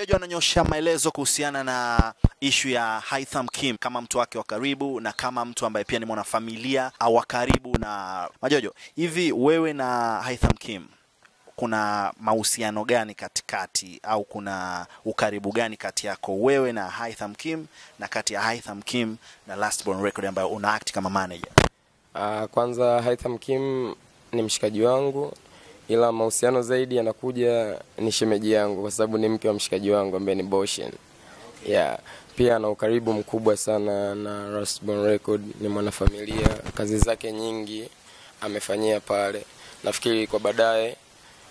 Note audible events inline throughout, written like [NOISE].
Jojo ananyosha maelezo kuhusiana na ishu ya Haitham Kim kama mtu wake wa karibu na kama mtu ambaye pia ni mwanafamilia wa karibu na Majojo. Hivi wewe na Haitham Kim kuna mahusiano gani katikati au kuna ukaribu gani kati yako wewe na Haitham Kim na kati ya Haitham Kim na Lastborn Record ambayo una act kama manager? Uh, kwanza Haitham Kim ni mshikaji wangu ila mahusiano zaidi yanakuja ni shemeji yangu kwa sababu ni mke wa mshikaji wangu ambaye ni Boshen. Yeah. Pia ana ukaribu mkubwa sana na Rustborn Record, ni mwanafamilia, kazi zake nyingi amefanyia pale. Nafikiri kwa baadaye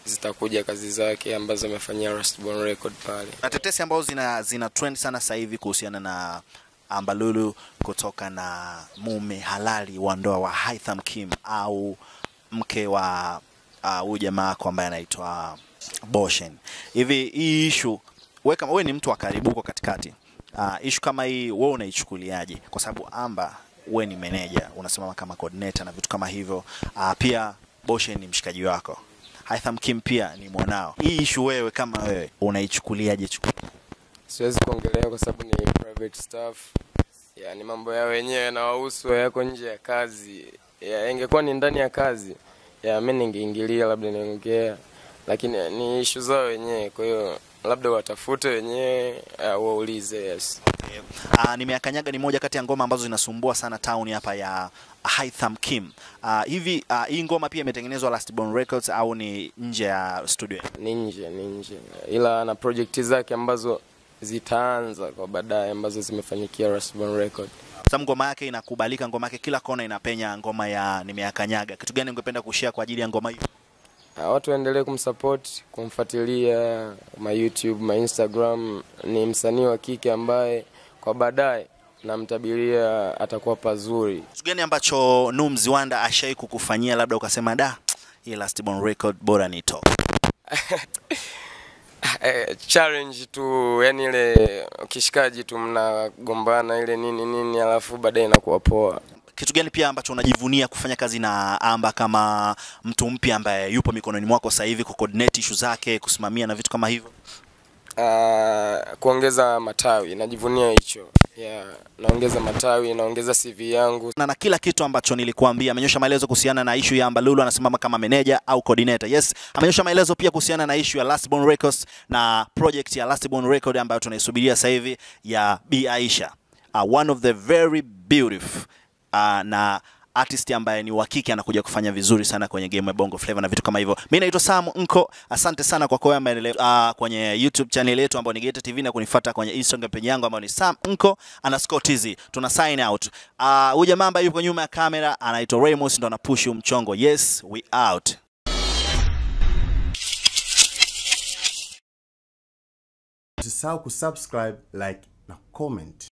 zitakuja kazi zake ambazo amefanyia Rustborn Record pale. Na tetesi ambazo zina, zina trend sana sasa hivi kuhusiana na Ambalulu kutoka na mume halali wa ndoa wa Haitham Kim au mke wa uh, huyu uh, jamaa wako ambaye anaitwa Boshen. Hivi hii ishu wewe kama wewe ni mtu wa karibu huko katikati, uh, ishu kama hii wewe unaichukuliaje? Kwa sababu Amba wewe ni meneja, unasimama kama coordinator na vitu kama hivyo. Uh, pia Boshen ni mshikaji wako. Haitham Kim pia ni mwanao. Hii ishu wewe kama wewe unaichukuliaje? Siwezi kuongelea kwa sababu ni private stuff, yani mambo ya wenyewe na wahusu yako nje ya kazi. Ya, ingekuwa ni ndani ya kazi ya mimi ningeingilia labda niongea, lakini ni ishu zao wenyewe, kwa hiyo labda watafute wenyewe au waulize. Yes. Okay. Uh, ah, nimeakanyaga ni moja kati ya ngoma ambazo zinasumbua sana town hapa ya Haitham Kim. Uh, hivi uh, hii ngoma pia imetengenezwa Last Born Records au ni nje ya studio? Ni nje, ni nje. Ila na project zake ambazo zitaanza kwa baadaye ambazo zimefanyikia Last Born Records. Sasa ngoma yake inakubalika, ngoma yake kila kona inapenya, ngoma ya nimeakanyaga. Kitu gani ungependa kushare kwa ajili ya ngoma hiyo? Uh, watu waendelee kumsupport, kumfuatilia ma YouTube, ma Instagram. Ni msanii wa kike ambaye kwa baadaye namtabiria atakuwa pazuri. Kitu gani ambacho numzi wanda ashai kukufanyia labda ukasema da, hii last born record bora ni top? [LAUGHS] Eh, challenge tu, yani ile kishikaji tu, mnagombana ile nini nini, alafu baadaye inakuwa poa. Kitu gani pia ambacho unajivunia kufanya kazi na Amba kama mtu mpya ambaye yupo mikononi mwako sasa hivi, coordinate issue zake, kusimamia na vitu kama hivyo? Uh, kuongeza matawi, najivunia hicho. Yeah, naongeza matawi, naongeza CV yangu na, na kila kitu ambacho nilikuambia. Amenyosha maelezo kuhusiana na ishu ya Ambalulu anasimama kama meneja au coordinator. Yes, amenyosha maelezo pia kuhusiana na ishu ya Born Records na project ya Born Record ambayo tunaisubiria sasa hivi ya Bi Aisha. Uh, one of the very beautiful uh, na artist ambaye ni wa kike anakuja kufanya vizuri sana kwenye game ya Bongo Flava na vitu kama hivyo. Mimi naitwa Sam Nko, asante sana kwa kuwa maendeleo uh, kwenye YouTube channel yetu ambayo ni Geita TV na kunifuata kwenye Instagram page yangu ambayo ni Sam Nko underscore TZ. Tuna sign out. Ah, huyu uh, jamaa ambaye yuko nyuma ya kamera anaitwa Ramos, ndo anapush mchongo. Yes, we out. Usisahau kusubscribe, like na comment.